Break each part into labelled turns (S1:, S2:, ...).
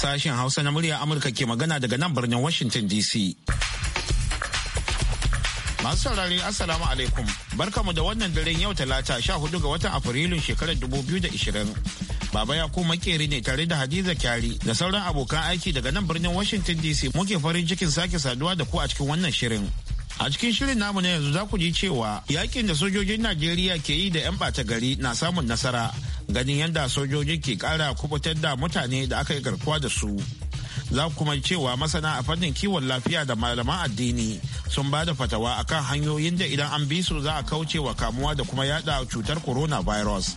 S1: Sashen Hausa na murya Amurka ke magana daga nan birnin Washington DC. Masu saurari Assalamu alaikum. Barkamu da wannan daren yau talata sha hudu ga watan Afrilun shekarar dubu biyu da ishirin. Baba ya kuma makeri ne tare da Hadiza Kyari da sauran abokan aiki daga nan birnin Washington DC muke farin cikin sake saduwa da ku a cikin wannan shirin. A cikin shirin namu na yanzu za ku ji cewa yakin da sojojin Najeriya ke yi da 'yan ɓata gari na samun nasara ganin yadda sojoji ke kara kubutar da mutane da aka yi garkuwa da su za kuma cewa masana a fannin kiwon lafiya da malaman addini sun ba da fatawa akan hanyoyin da idan an bi su za a kauce wa kamuwa da kuma yada cutar coronavirus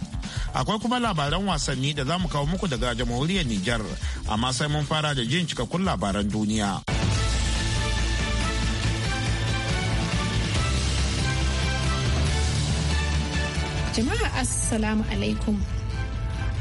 S1: akwai kuma labaran wasanni da za mu kawo muku daga jamhuriyar niger amma sai mun fara da jin cikakkun labaran duniya
S2: jama'a assalamu alaikum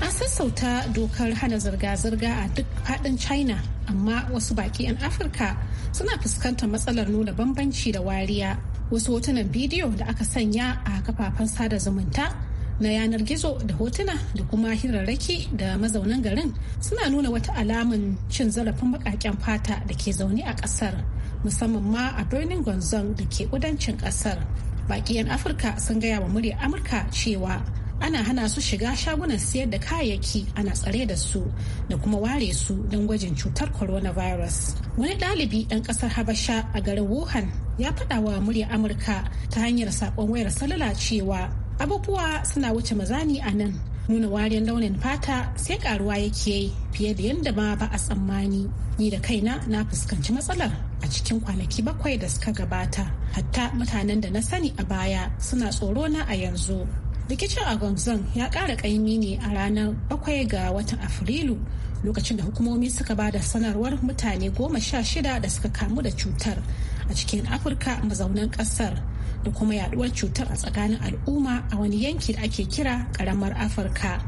S2: an sassauta dokar hana zirga-zirga a duk faɗin china amma wasu baƙi 'yan afirka suna fuskantar matsalar nuna bambanci da wariya wasu hotunan bidiyo da aka sanya a kafafen sada zumunta na yanar gizo da hotuna da kuma hirarraki da mazaunan garin suna nuna wata alamun cin zarafin baƙaƙen fata da ke zaune a ƙasar musamman ma a birnin gonzon da ke kudancin ƙasar baƙi 'yan afirka sun gaya wa murya amurka cewa ana hana su shiga shagunan siyar da kayayyaki ana tsare da su da kuma ware su don gwajin cutar coronavirus wani ɗalibi ɗan ƙasar habasha a garin wuhan ya faɗa wa murya amurka ta hanyar saƙon wayar salula cewa abubuwa suna wuce mazani a nan nuna wariyar launin fata sai karuwa yake yi fiye da yadda ma ba a tsammani ni da kaina na fuskanci matsalar a cikin kwanaki bakwai da suka gabata hatta mutanen da na sani a baya suna tsoro na a yanzu rikicin a gonzon ya ƙara ƙaimi ne a ranar bakwai ga watan afrilu lokacin da hukumomi suka ba da sanarwar mutane goma sha shida da suka kamu da cutar a cikin afirka mazaunan ƙasar da kuma yaduwar cutar a tsakanin al'umma a wani yanki da ake kira ƙaramar afirka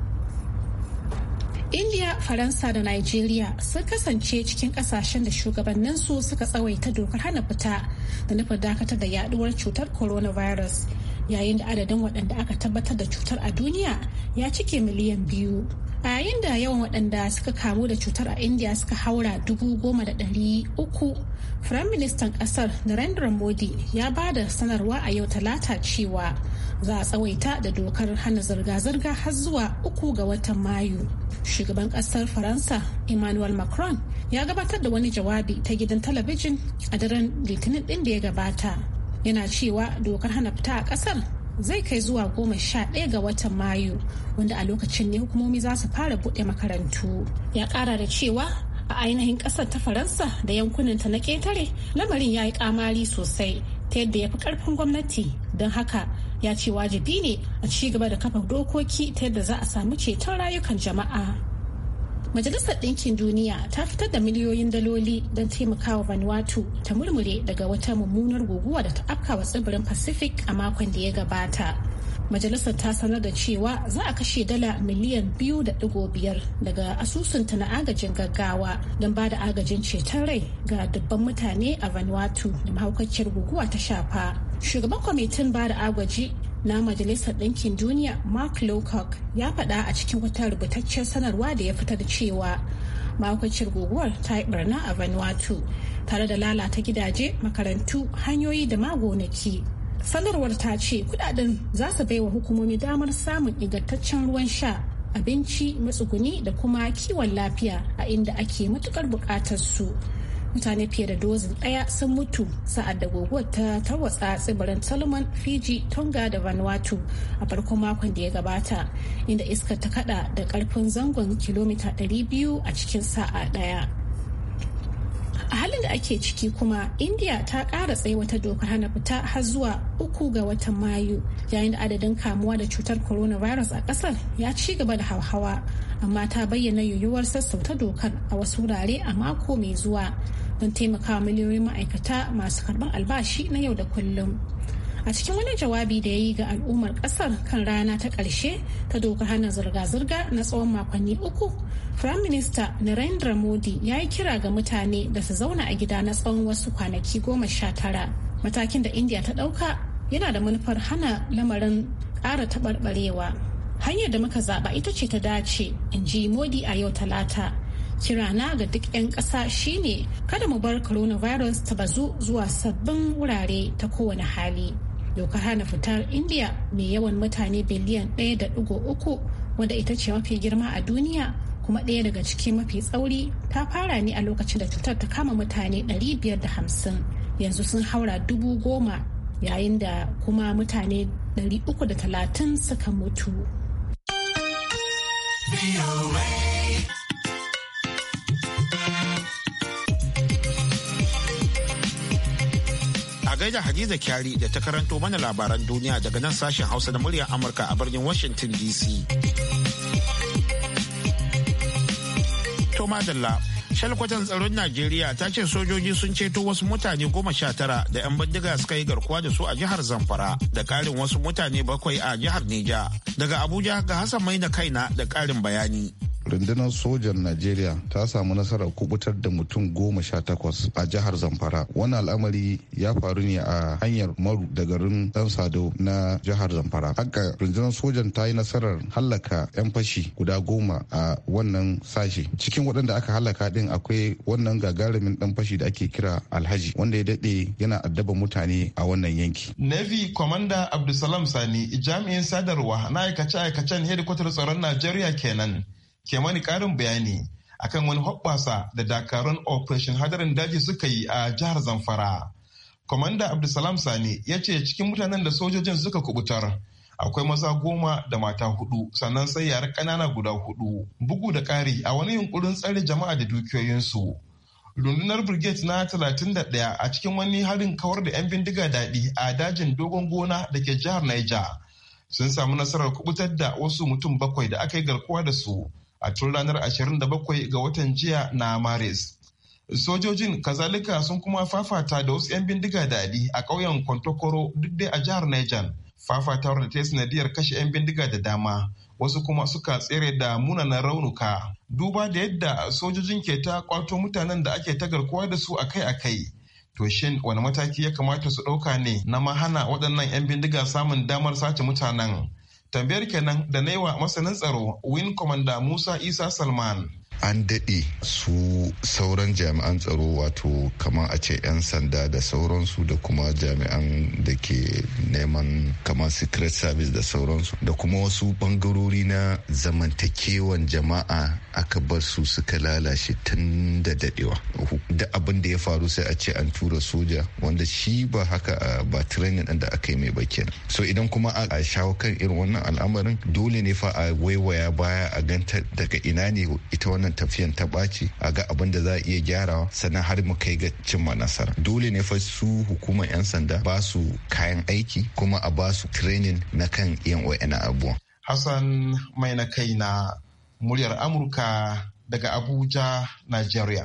S2: india faransa da nigeria sun kasance cikin kasashen da shugabanninsu suka tsawaita dokar hana fita da nufin dakatar da yaduwar cutar coronavirus yayin da adadin waɗanda aka tabbatar da cutar a duniya ya cike miliyan biyu a yayin da yawan waɗanda suka kamu da cutar a india suka haura dubu goma da ɗari uku firayim ministan ƙasar narendra modi ya ba da sanarwa a yau talata cewa za a tsawaita da dokar hana zirga-zirga har zuwa uku ga watan mayu shugaban ƙasar faransa emmanuel macron ya gabatar da wani jawabi ta gidan talabijin a daren litinin ɗin da ya gabata yana cewa dokar hana fita a kasar zai kai zuwa goma sha ɗaya ga watan mayu wanda a lokacin ne hukumomi za su fara buɗe makarantu ya ƙara da cewa a ainihin ƙasar ta faransa da yankunanta na ƙetare lamarin ya yi ƙamari sosai ta yadda ya fi ƙarfin gwamnati don haka ya ce wajibi ne a ci gaba da kafa dokoki ta yadda za a samu ceton rayukan jama'a Majalisar Ɗinkin Duniya ta fitar da miliyoyin daloli don taimakawa Vanuatu ta murmure daga wata mummunar guguwa da ta afka wa tsibirin Pacific a makon da ya gabata. Majalisar ta sanar da cewa za a kashe dala miliyan biyu da digo biyar daga asusunta na agajin gaggawa don ba da agajin ceton rai ga dubban mutane a Vanuatu da mahaukaciyar guguwa ta shafa. Shugaban kwamitin ba da agaji na Majalisar Ɗinkin Duniya Mark Lowcock ya faɗa a cikin wata rubutaccen sanarwa da ya fitar cewa makwacin guguwar ta yi barna a Vanuatu tare da lalata gidaje, makarantu, hanyoyi da ma Sanarwar ta ce kudaden za su baiwa hukumomi damar samun ingantaccen ruwan sha, abinci, matsuguni da kuma kiwon lafiya a inda ake matukar bukatar su. mutane fiye da dozin daya sun mutu sa'ad da guguwar ta tarwatsa tsibirin solomon fiji tonga da vanuatu a farkon makon da ya gabata inda iskar ta kada da karfin zangon kilomita 200 a cikin sa'a ɗaya a halin da ake ciki kuma india ta kara tsaye wata dokar hana fita har zuwa uku ga watan mayu yayin da adadin kamuwa da cutar coronavirus a kasar ya ci gaba da hauhawa amma ta bayyana yiwuwar sassauta dokar a wasu wurare a mako mai zuwa don taimakawa miliyoyin ma'aikata masu karban albashi na yau da kullum a cikin wani jawabi da ya yi ga al'ummar kasar kan rana ta ƙarshe ta dokar hana zirga-zirga na tsawon makonni uku prime minister narendra modi ya yi kira ga mutane da su zauna a gida na tsawon wasu kwanaki goma sha tara matakin da indiya ta ɗauka yana da manufar hana lamarin ƙara taɓarɓarewa hanyar da muka zaɓa ita ce ta dace in ji modi a yau talata kirana ga duk 'yan ƙasa shine kada mu bar coronavirus ta bazu zuwa sabbin wurare ta kowane hali doka hana fitar india mai yawan mutane biliyan 1.3 wanda ita ce mafi girma a duniya kuma ɗaya daga ciki mafi tsauri ta fara ne a lokacin da cutar ta kama mutane 550 yanzu sun haura dubu goma yayin da kuma mutane 330 suka mutu.
S1: gaida Hadiza Kyari da ta karanto mana labaran duniya daga nan sashen Hausa da muryar Amurka a birnin Washington DC. To madalla, shalkwatan tsaron Najeriya ta ce sojoji sun ceto wasu mutane goma sha tara da 'yan bindiga suka yi garkuwa da su a jihar Zamfara da karin wasu mutane bakwai a jihar Neja. Daga Abuja ga Hassan Maina Kaina da karin bayani.
S3: rundunar sojan najeriya ta samu nasarar kubutar da mutum goma sha takwas a jihar zamfara wani al'amari ya faru ne a hanyar maru da garin dan sado na jihar zamfara haka rundunar sojan ta yi nasarar hallaka 'yan fashi guda goma a wannan sashe cikin waɗanda aka hallaka ɗin akwai wannan gagarumin dan fashi da ake kira alhaji wanda ya daɗe yana addaba mutane a wannan yanki navy commander abdulsalam sani jami'in sadarwa na aikace-aikacen hedikwatar tsaron najeriya kenan ke mani karin bayani akan wani hoɓɓasa da dakarun operation hadarin daji suka yi a jihar zamfara Kwamandan abdulsalam sani ya ce cikin mutanen da sojojin suka kubutar akwai maza goma da mata hudu sannan sai yara ƙanana guda hudu bugu da ƙari a wani yunkurin tsare jama'a da dukiyoyinsu rundunar brigade na da 31 a cikin wani harin kawar da 'yan bindiga daɗi a dajin dogon gona da ke jihar niger sun samu nasarar kubutar da wasu mutum bakwai da aka yi garkuwa da su a tun ranar 27 ga watan jiya na maris sojojin kazalika sun kuma fafata da wasu 'yan bindiga dadi a ƙauyen kwantokoro duk dai a jihar niger fafatawar da ta yi sanadiyar kashe 'yan bindiga da dama wasu kuma suka tsere da munanan raunuka duba da yadda sojojin ke ta kwato mutanen da ake ta garkuwa da su akai-akai to shin wani mataki ya kamata su ɗauka ne na mahana waɗannan 'yan bindiga samun damar sace mutanen tambayar kenan da na yi wa masanin tsaro win commander musa isa salman an daɗe su sauran jami'an tsaro wato kamar a ce 'yan sanda da sauransu da kuma jami'an da ke neman kamar secret service da sauransu da kuma wasu bangarori na zamantakewan jama'a aka bar su suka lalace tun da daɗewa da abin da ya faru sai a ce an tura soja wanda shi ba haka ba training da aka yi mai baki so idan kuma a shawo kan irin wannan al'amarin dole ne fa a waiwaya baya a ganta daga ina ne ita wannan. wannan tafiyan ta ɓaci a ga abin da za a iya gyarawa sannan har mu kai ga cimma nasara dole ne fa su hukumar 'yan sanda ba su kayan aiki kuma a ba su training na kan yan wa'ina abuwa Hassan mai na kai na muryar Amurka daga Abuja, Nigeria.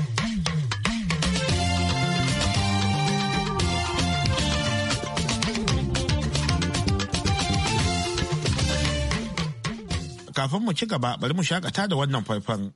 S1: Kafin mu ci gaba bari mu shakata da wannan faifan.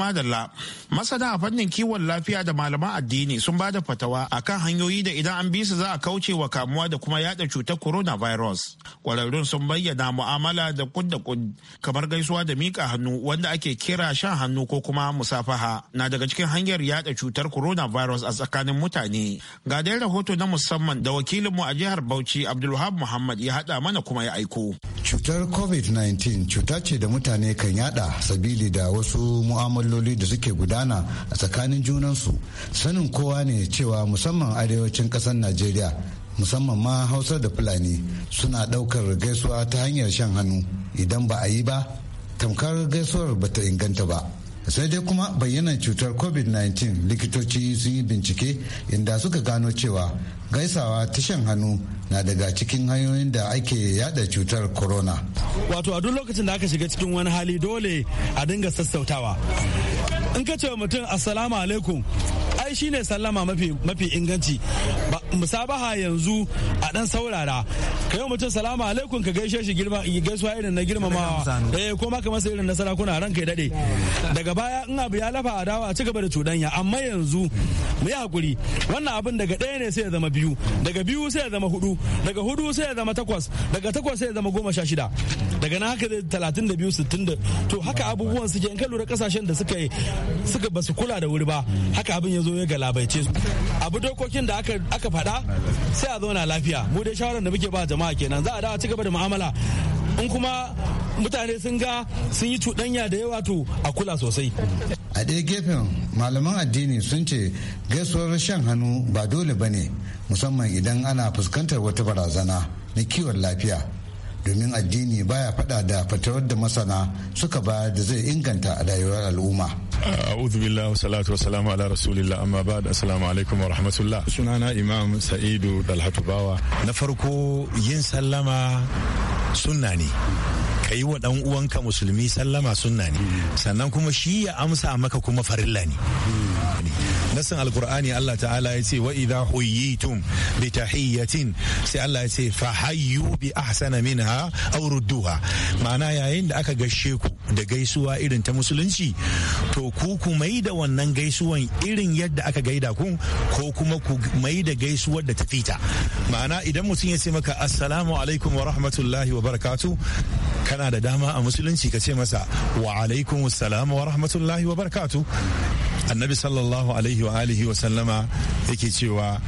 S1: madalla masana a fannin kiwon lafiya da malaman addini sun ba da fatawa a kan hanyoyi da idan an bi su za a kauce wa kamuwa da kuma yada cutar coronavirus kwararrun sun bayyana mu'amala da kud da kud kamar gaisuwa da miƙa hannu wanda ake kira shan hannu ko kuma musafaha na daga cikin hanyar yada cutar coronavirus a tsakanin mutane ga dai rahoto na musamman da wakilinmu a jihar bauchi abdulwahab muhammad ya haɗa mana kuma ya aiko
S4: cutar covid-19 cuta ce da mutane kan yada sabili da wasu mu'amaloli da suke guda gudana a tsakanin junansu sanin kowa ne cewa musamman arewacin ƙasar najeriya musamman ma hausa da fulani suna ɗaukar gaisuwa ta hanyar shan hannu idan ba a yi ba tamkar gaisuwar ba ta inganta ba sai dai kuma bayyana cutar covid-19 likitoci sun yi bincike inda suka gano cewa gaisawa ta shan hannu na daga cikin hanyoyin da ake yada cutar corona
S5: wato a duk lokacin da aka shiga cikin wani hali dole a dinga sassautawa in ka ce wa mutum assalamu alaikum ai shine sallama mafi mafi inganci ba musabaha yanzu a dan saurara ka yi mutum salamu alaikum ka gaishe shi gaisuwa irin na girmamawa eh ko ka masa irin na sarakuna ran kai dade daga baya in abu ya lafa a dawa a cigaba da cuɗanya amma yanzu mu yi hakuri wannan abin daga ɗaya ne sai ya zama biyu daga biyu sai ya zama hudu daga hudu sai ya zama takwas daga takwas sai ya zama goma sha shida daga na haka zai talatin da biyu sittin da to haka abubuwan suke in ka lura kasashen da suka suka basu kula da wuri ba haka abin ya zo ya galabaice su abu dokokin da aka aka faɗa sai a zauna lafiya mu dai shawarar da muke ba jama'a kenan za a dawo ci
S6: gaba da mu'amala in kuma mutane sun ga sun yi cuɗanya da yawa to a
S4: kula sosai. A ɗaya gefen malaman addini sun ce gaisuwar shan hannu ba dole ba ne musamman idan ana fuskantar wata barazana na kiwon lafiya. domin addini baya fada da fatawar da masana suka bayar da zai inganta rayuwar al'umma.
S7: A'udhu billahi salatu wassalamu ala rasulillah amma ba'd assalamu alaikum wa rahmatullah. Sunana Imam Sa'idu dalhatubawa Bawa. Na farko yin sallama sunna ne. ka yi wa ɗan uwanka musulmi sallama sunna ne sannan kuma shi ya amsa maka kuma farilla ne nasin alkur'ani Allah ta'ala ya ce wa idha huyitum bi tahiyyatin sai Allah ya ce fa hayyu bi ahsana minha aw rudduha ma'ana yayin da aka gaishe ku da gaisuwa irin ta musulunci to ku ku mai da wannan gaisuwan irin yadda aka gaida ku ko kuma ku mai da gaisuwar da ta fita ma'ana idan mutum ya ce maka assalamu alaikum wa rahmatullahi wa barakatuh kana da dama a musulunci ka ce masa wa alaikum wa rahmatullahi wa barakatu annabi sallallahu alaihi wa alihi wa sallama yake cewa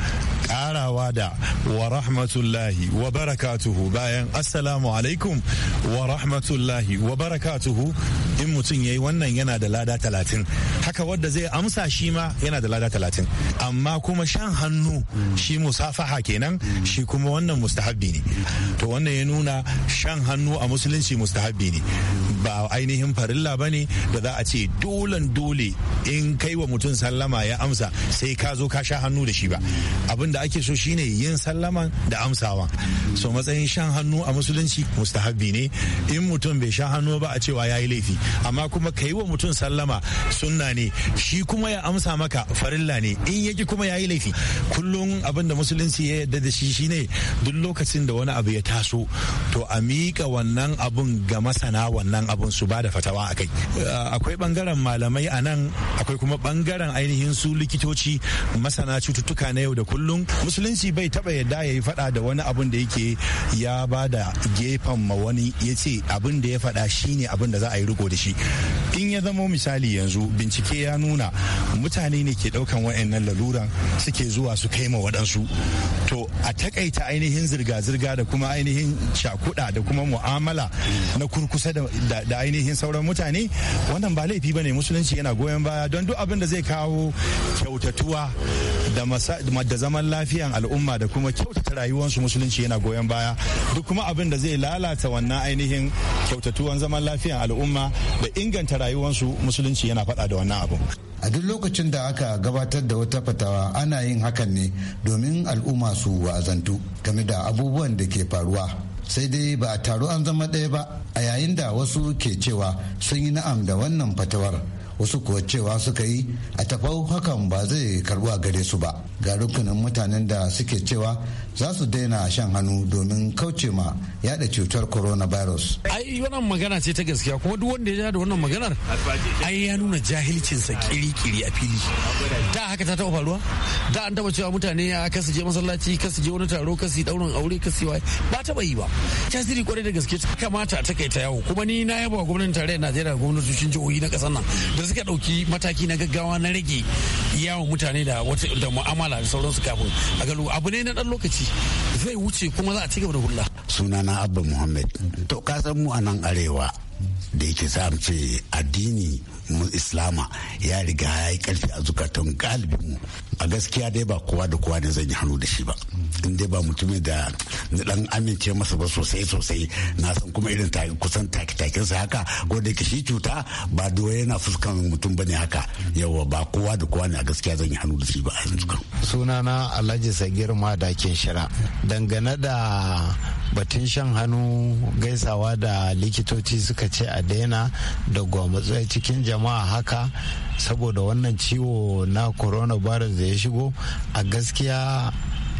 S7: karawa da wa rahmatullahi wa barakatuhu bayan assalamu alaikum wa rahmatullahi wa barakatuhu in mutum yayi wannan yana da lada talatin haka wadda zai amsa shi ma yana da lada talatin amma kuma shan hannu shi musafaha kenan shi kuma wannan mustahabbi ne to wannan ya nuna shan hannu a musulunci mustahabbi ne ba ainihin farilla ba ne da za a ce dolan dole in kai wa mutum sallama ya amsa sai ka zo ka sha hannu da shi ba abin da ake so shine yin sallama da amsawa so matsayin shan hannu a musulunci mustahabbi ne in mutum bai sha hannu ba a cewa ya yi laifi amma kuma ka yi wa mutum sallama sunna ne shi kuma ya amsa maka farilla ne in yaki kuma ya yi laifi kullum abin da musulunci ya yarda da shi shine duk lokacin da wani abu ya taso to a miƙa wannan abun ga masana wannan abun su ba da fatawa a kai eh, akwai bangaren malamai a nan akwai kuma bangaren ainihin su likitoci masana cututtuka na yau da kullum musulunci bai taba yadda ya yi fada da wani abun da yake ya ba da gefen ma wani ya ce abin da ya fada shine abin da za a yi riko da shi in ya zamo misali yanzu bincike ya nuna mutane ne ke daukan wa'annan laluran suke zuwa su kai ma waɗansu to a takaita ainihin zirga-zirga da kuma ainihin shakuɗa da kuma mu'amala na kurkusa da da ainihin sauran mutane wannan ba laifi bane musulunci yana goyon baya don duk abin da zai kawo kyautatuwa da zaman lafiyan al'umma da kuma kyautata rayuwarsu musulunci yana goyon baya duk kuma abin da zai lalata wannan ainihin kyautatuwan zaman lafiyan al'umma da inganta rayuwarsu musulunci yana faɗa da wannan abu
S4: a duk lokacin da aka gabatar da wata fatawa ana yin hakan ne domin al'umma su wazantu game da abubuwan da ke faruwa sai dai ba a taru an zama ɗaya ba a yayin da wasu ke cewa sun yi na'am da wannan fatawar wasu kuwa cewa suka yi a tafau hakan ba zai karbu a gare su ba ga rukunin mutanen da suke cewa za su daina shan hannu domin kauce ma yada cutar coronavirus.
S5: ai wannan magana ce ta gaskiya kuma duk wanda ya da wannan maganar
S6: ai ya nuna jahilcinsa kiri-kiri a fili
S5: da haka ta taɓa faruwa da an taɓa cewa mutane ya ah, kasu je masallaci kasu je wani taro kasu daurin aure kasu waye ba taɓa yi ba tasiri kwarai da gaske ta kamata ta ta yawo kuma ni na yaba wa gwamnatin tarayyar najeriya gwamnatocin jihohi na ƙasar nan da suka ɗauki mataki na gaggawa na rage yawon mutane da mu'amala da sauransu kafin a galo abu ne na ɗan lokaci gwamnati zai wuce kuma za a ci gaba da hulla sunana abba muhammad to ka san mu a nan arewa da yake sa ce addini mu islama ya riga ya yi karfi a zukatan galibinmu mu a gaskiya dai ba kowa da kowa ne zan yi hannu da shi ba in dai ba mutumin da na dan amince masa ba sosai sosai na san kuma irin kusan take-taken sa haka ko da yake shi cuta ba doye yana fuskan mutum bane haka yawa ba kowa da kowa ne a gaskiya zan yi hannu da shi ba a yanzu
S4: suna na Alhaji Sagir Madakin Shira dangane da batun shan hannu gaisawa da likitoci suka ce a daina da gwamnati cikin jama'a haka saboda wannan ciwo na coronavirus da ya shigo a gaskiya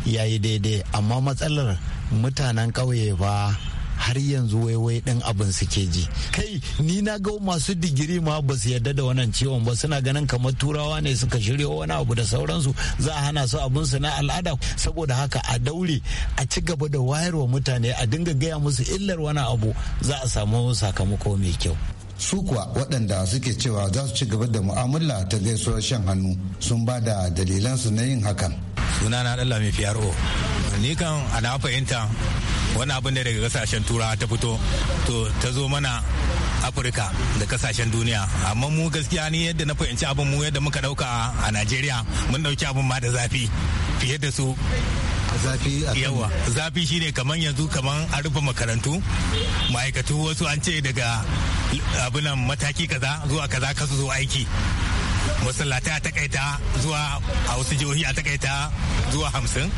S4: ya yi daidai amma matsalar mutanen ƙauye ba har yanzu waiwai ɗin abin suke ji kai ni na ga masu digiri ma ba su yarda da wannan ciwon ba suna ganin kamar turawa ne suka shirya wani abu da sauransu za a hana su abin su na al'ada saboda haka a daure a ci gaba da wayarwa mutane a dinga gaya musu illar wani abu za a samu sakamako mai kyau su kuwa waɗanda suke cewa za su ci gaba da mu'amala ta gaisuwar shan hannu sun ba da dalilansu na yin hakan
S6: suna sunana ɗalla mai fiyaro ni kan ana fahimta wani abin da daga kasashen turawa ta fito to ta zo mana afirka da kasashen duniya amma mu gaskiya ni yadda na fahimci abin mu yadda muka ɗauka a najeriya mun ɗauki abin ma da zafi fiye da su zafi yawa zafi shine kaman yanzu kaman an rufe makarantu ma'aikatu wasu an ce daga abinan mataki kaza zuwa kaza kasu zo aiki masallata a takaita zuwa a wasu jihohi a takaita zuwa hamsin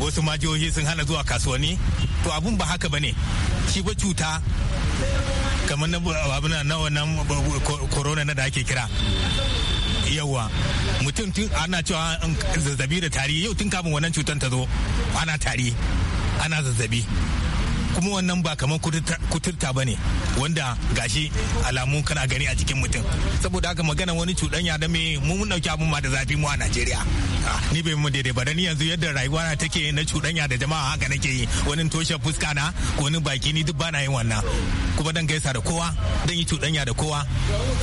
S6: wasu ma jihohi sun hana zuwa kasuwanni to abun ba haka bane shi ba cuta kamar na abin na wannan corona na da ake kira yawa mutum tun ana cewa zazzabi da tari yau tun kafin wannan cutar ta zo ana tari ana zazzabi kuma wannan ba kamar kuturta ba ne wanda gashi alamu kana gani a cikin mutum saboda haka magana wani cuɗanya da me mun dauki abin ma da zafi mu a najeriya ni bai mu daidai ba dani ni yanzu yadda rayuwa na take na cuɗanya da jama'a haka nake yi wani toshe fuska na wani baki ni duk bana yin wannan kuma dan gaisa da kowa dan yi cuɗanya da kowa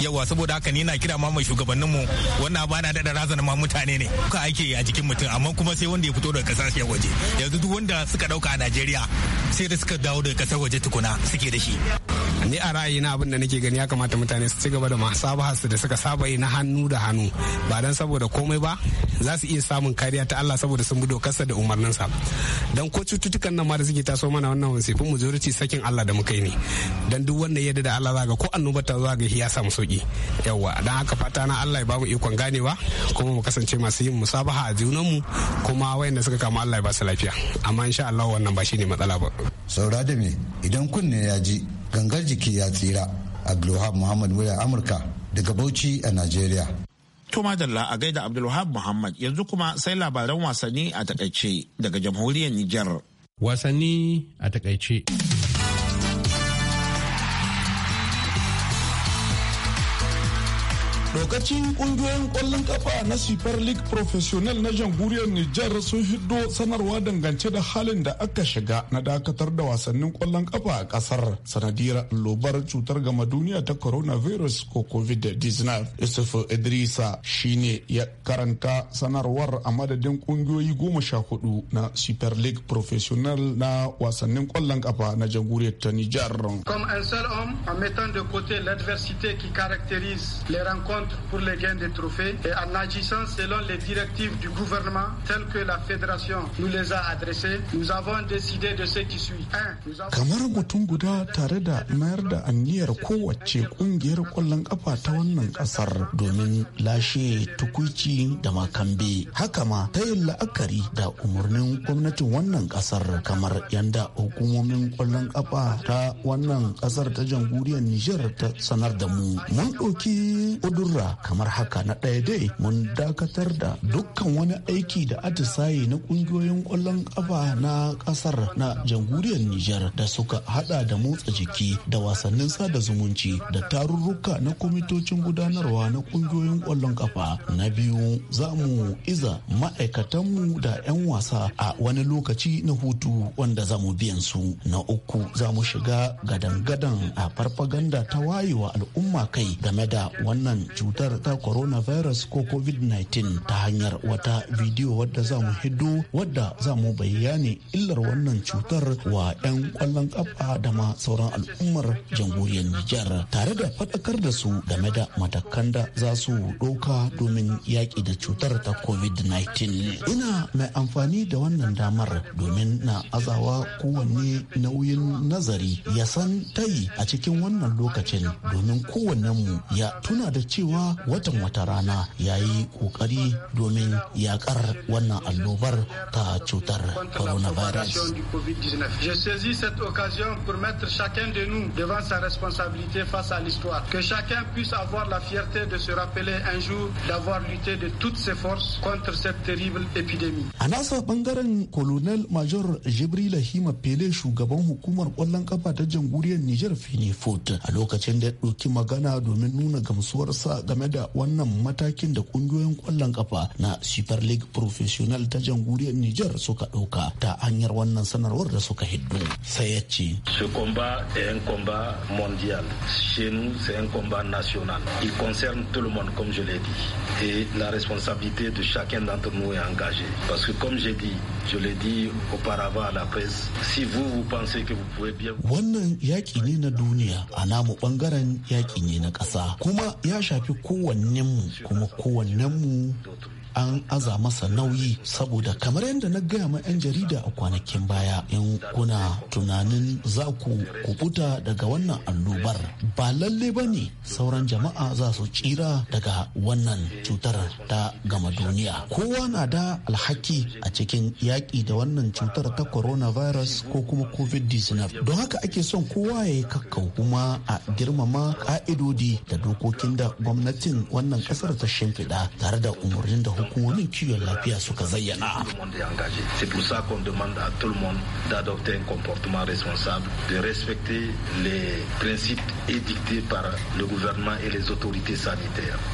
S6: yawa saboda haka ni na kira ma mai shugabannin mu wannan bana daɗa razana ma mutane ne ka ake a jikin mutum amma kuma sai wanda ya fito daga kasashen waje yanzu duk wanda suka dauka a Najeriya sai da suka dawo daga kasar waje tukuna suke da shi ni a ra'ayina abin da nake gani ya kamata mutane su ci gaba da masabaha su da suka saba yi na hannu da hannu ba dan saboda komai ba za su iya samun kariya ta Allah saboda sun bi dokarsa da umarninsa dan ko cututtukan nan ma da suke taso mana wannan wasifin majority sakin Allah da muka yi ne dan duk wanda ya da Allah zaga ko annoba ta zaga ya samu sauki yawa dan haka fata na Allah ya ba bamu ikon ganewa kuma mu kasance masu yin musabaha a junanmu
S4: kuma wayanda suka kama Allah ya ba su lafiya amma insha Allah wannan ba shine matsala ba saura me idan kunne ya ji gangar jiki ya tsira abdulwahab muhammad murya amurka daga bauchi a Najeriya.
S1: to madalla a gaida abdulwahab muhammad yanzu kuma sai labaran wasanni a takaice daga jamhuriyar Nijar.
S4: wasanni a takaice
S5: lokacin kungiyoyin kwallon kafa na super league professional na jamhuriyar nijar sun hiddo sanarwa dangance da halin da aka shiga na dakatar da wasannin kwallon kafa a kasar sanadiyar lobar cutar gama duniya ta coronavirus ko covid-19 yusuf idrisa shine ya karanta sanarwar a madadin kungiyoyi goma sha hudu na super league professional na wasannin kwallon kafa na jamhuriyar ta nijar
S3: comme un seul de côté qui caractérise pour les gains des trophées et en agissant selon les directives du gouvernement telles que la fédération nous les a adressées, nous avons décidé de ce qui suit.
S5: Kamar mutum guda tare da mayar da anniyar kowace kungiyar kwallon kafa ta wannan kasar domin lashe tukuici da makambe. Haka ma ta yin la'akari da umarnin gwamnatin wannan kasar kamar yanda hukumomin kwallon kafa ta wannan kasar ta jamhuriyar Nijar ta sanar da mu. Mun ɗauki ƙudurra kamar haka na ɗaya dai mun dakatar da dukkan wani aiki da atisaye na ƙungiyoyin ƙwallon ƙafa na ƙasar na jamhuriyar Nijar da suka hada da motsa jiki da wasannin sada zumunci da tarurruka na kwamitocin gudanarwa na ƙungiyoyin ƙwallon ƙafa. Na biyu za mu iza ma'aikatanmu da 'yan wasa a wani lokaci na hutu wanda za mu biyan su. Na uku za mu shiga gadan-gadan a farfaganda ta wayewa al'umma kai game da wannan cuta. cutar ta coronavirus ko covid-19 ta hanyar wata bidiyo wadda za mu hiddo wadda za mu bayyane illar wannan cutar wa 'yan kwallon kafa da ma sauran al'ummar jamhuriyar Nijar tare da faɗakar da su game da matakan da za su ɗauka domin yaƙi da cutar ta covid-19 ina mai amfani da wannan damar domin na azawa kowanne nauyin nazari ya san tayi a cikin wannan lokacin domin mu ya tuna da cewa kuma watan wata rana ya yi kokari domin yaƙar wannan allobar ta cutar coronavirus.
S6: Je saisis cette occasion
S3: pour mettre chacun de nous devant sa responsabilité face à l'histoire. Que chacun puisse avoir la fierté de se rappeler un jour d'avoir lutté de toutes ses forces contre cette terrible épidémie. A nasa
S5: bangaren Colonel Major Jibril Hima Pele shugaban hukumar kwallon kafa ta jamhuriyar Nijar Fini Foot a lokacin da ya ɗauki magana domin nuna gamsuwarsa game game da wannan matakin da kungiyoyin kwallon kafa na super league professional ta jamhuriyar niger suka ɗauka ta hanyar wannan sanarwar da suka hiddu sai ya ce
S6: ce combat est un combat mondial chez nous c'est un combat national il concerne tout le monde comme je l'ai dit et la responsabilité de chacun d'entre nous est engagée parce que comme j'ai dit je l'ai dit auparavant à la presse si vous vous pensez que vous pouvez bien
S5: wannan yaki ne na duniya a namu bangaren yaki ne na kasa kuma ya shafi kowannenmu kuma kowannenmu an aza masa nauyi saboda kamar yadda na gaya ma 'yan jarida a kwanakin baya in kuna tunanin za ku kubuta daga wannan annobar ba lalle ba ne sauran jama'a za su tsira daga wannan cutar ta gama duniya kowa na da alhaki a cikin yaƙi da wannan cutar ta coronavirus ko kuma covid-19 don haka ake son kowa ya yi kakkau kuma a girmama ka'idodi da dokokin da gwamnatin wannan ƙasar ta shimfiɗa tare da umarnin da hukumomin kiwon lafiya suka zayyana.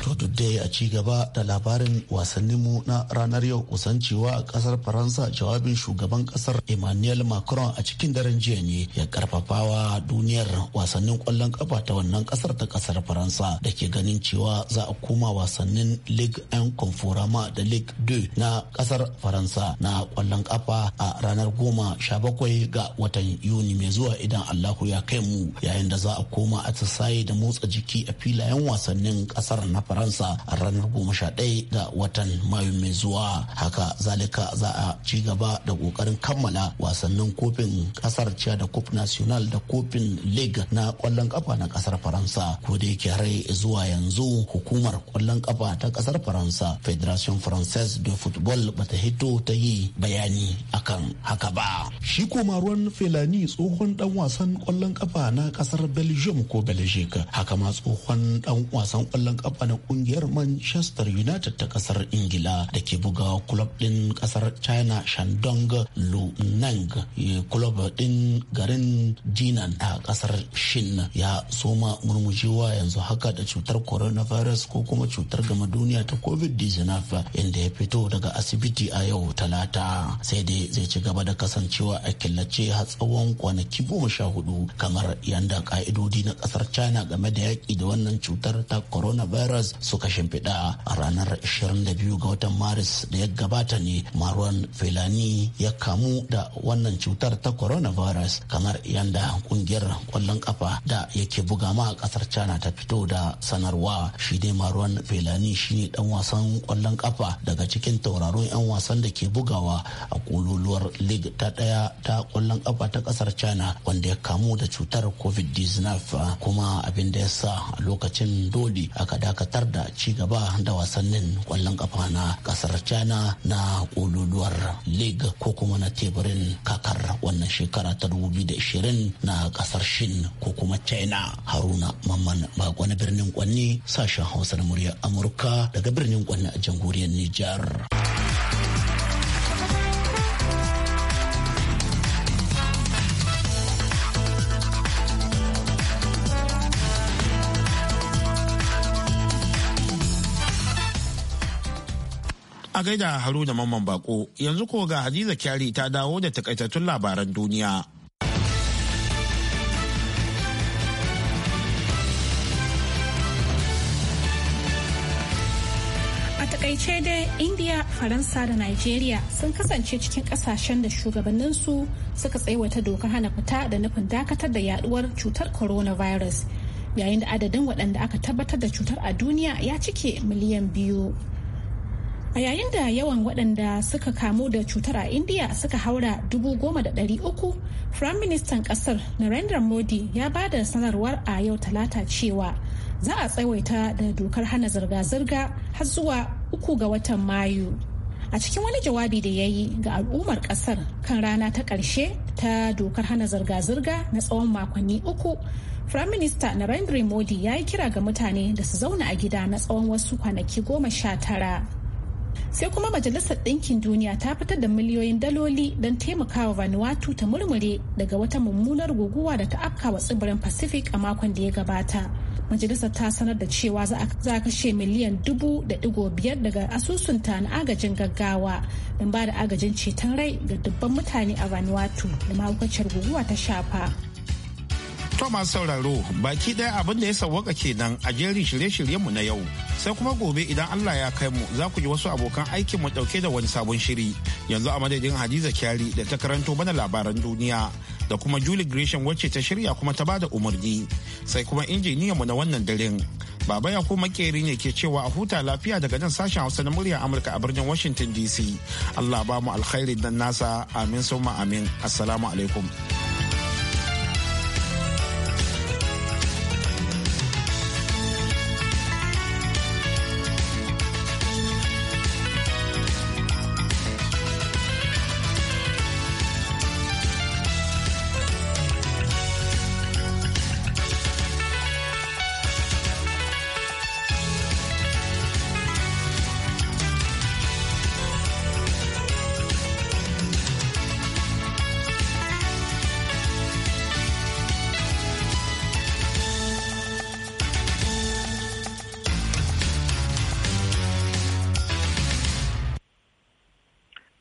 S5: Toto dai a ci gaba da labarin wasanninmu na ranar yau kusancewa a kasar Faransa jawabin shugaban kasar Emmanuel Macron a cikin daren jiya ne ya karfafawa duniyar wasannin kwallon kafa ta wannan kasar ta kasar Faransa da ke ganin cewa za a koma wasannin Ligue 1 Conforama da Ligue 2 na kasar Faransa na kwallon kafa a ranar goma sha bakwai ga watan Yuni mai zuwa idan Allahu ya kai mu yayin da za a koma atisaye da motsa jiki a filayen wasannin kasar na Faransa a ranar goma sha ɗaya ga watan Mayu mai zuwa. Haka zalika za a ci gaba da kokarin kammala wasannin kofin kasar Ciya da Coupe National da kofin Ligue na kwallon kafa na kasar Faransa. Ko da yake har zuwa yanzu hukumar kwallon kafa ta kasar Faransa Federation federation française de football bata hito ta yi bayani akan haka ba shi kuma ruwan felani tsohon dan wasan kwallon kafa na kasar belgium ko belgique haka ma tsohon dan wasan kwallon kafa na kungiyar manchester united ta kasar ingila da ke buga club din kasar china shandong lunang eh, club din garin jinan a kasar shin ya soma murmushewa yanzu haka da cutar coronavirus ko kuma cutar gama duniya ta covid-19 Khalifa inda ya fito daga asibiti a yau talata sai dai zai ci gaba da kasancewa a killace har tsawon kwanaki goma sha hudu kamar yanda ka'idodi na kasar China game da yaƙi da wannan cutar ta coronavirus suka shimfiɗa a ranar 22 ga watan Maris da ya gabata ne Marwan Felani ya kamu da wannan cutar ta coronavirus kamar yadda kungiyar kwallon kafa da yake buga ma kasar China ta fito da sanarwa shi dai Marwan Felani shine dan wasan kwallon kafa daga cikin tauraron 'yan wasan da ke bugawa a kululuwar league ta daya ta kwallon kafa ta kasar china wanda ya kamu da cutar covid-19 kuma abin da ya sa a lokacin dole aka dakatar da ci gaba da wasannin kwallon kafa na kasar china na kululuwar league ko kuma na teburin kakar wannan shekara ta 2020 na kasar shin ko kuma china haruna mamman bako na birnin kwanni sashen hausa na murya amurka daga birnin kwanni a jamhuriyar jamhuriyar Nijar.
S1: A gaida da Mamman Bako yanzu ko ga Hadiza Kyari ta dawo da takaitattun labaran duniya.
S2: takaice dai india faransa da nigeria sun kasance cikin kasashen da shugabanninsu suka tsaiwata dokar hana fita da nufin dakatar da yaduwar cutar coronavirus yayin da adadin waɗanda aka tabbatar da cutar a duniya ya cike miliyan biyu a yayin da yawan waɗanda suka kamu da cutar a indiya suka haura dubu goma da ɗari uku firayim ministan ƙasar narendra modi ya ba da sanarwar a yau talata cewa za a tsawaita da dokar hana zirga-zirga har zuwa uku ga watan mayu a cikin wani jawabi da ya yi ga al'ummar ƙasar kan rana ta ƙarshe ta dokar hana zirga-zirga na tsawon makonni uku firayim minista narendra modi ya yi kira ga mutane da su zauna a gida na tsawon wasu kwanaki goma sha tara sai kuma majalisar ɗinkin duniya ta fitar da miliyoyin daloli don taimakawa vanuatu ta murmure daga wata mummunar guguwa da ta afka wa tsibirin pacific a makon da ya gabata majalisar ta sanar da cewa za a kashe miliyan dubu da digo biyar daga asusunta na agajin gaggawa don ba da agajin ceton rai ga dubban mutane a vanuatu da mahaukaciyar guguwa ta shafa
S1: To masu sauraro baki ɗaya abin da ya sauwaka kenan a jerin shirye-shiryenmu na yau. Sai kuma gobe idan Allah ya kai mu za ku ji wasu abokan aikin mu ɗauke da wani sabon shiri. Yanzu a madadin Hadiza Kyari da ta karanto mana labaran duniya da kuma Julie Gresham wacce ta shirya kuma ta bada umarni. Sai kuma injiniyan mu na wannan daren. Baba ya ko makeri ne ke cewa a huta lafiya daga nan sashen Hausa na murya Amurka a birnin Washington DC. Allah ba mu alkhairi dan nasa amin summa amin. Assalamu alaikum.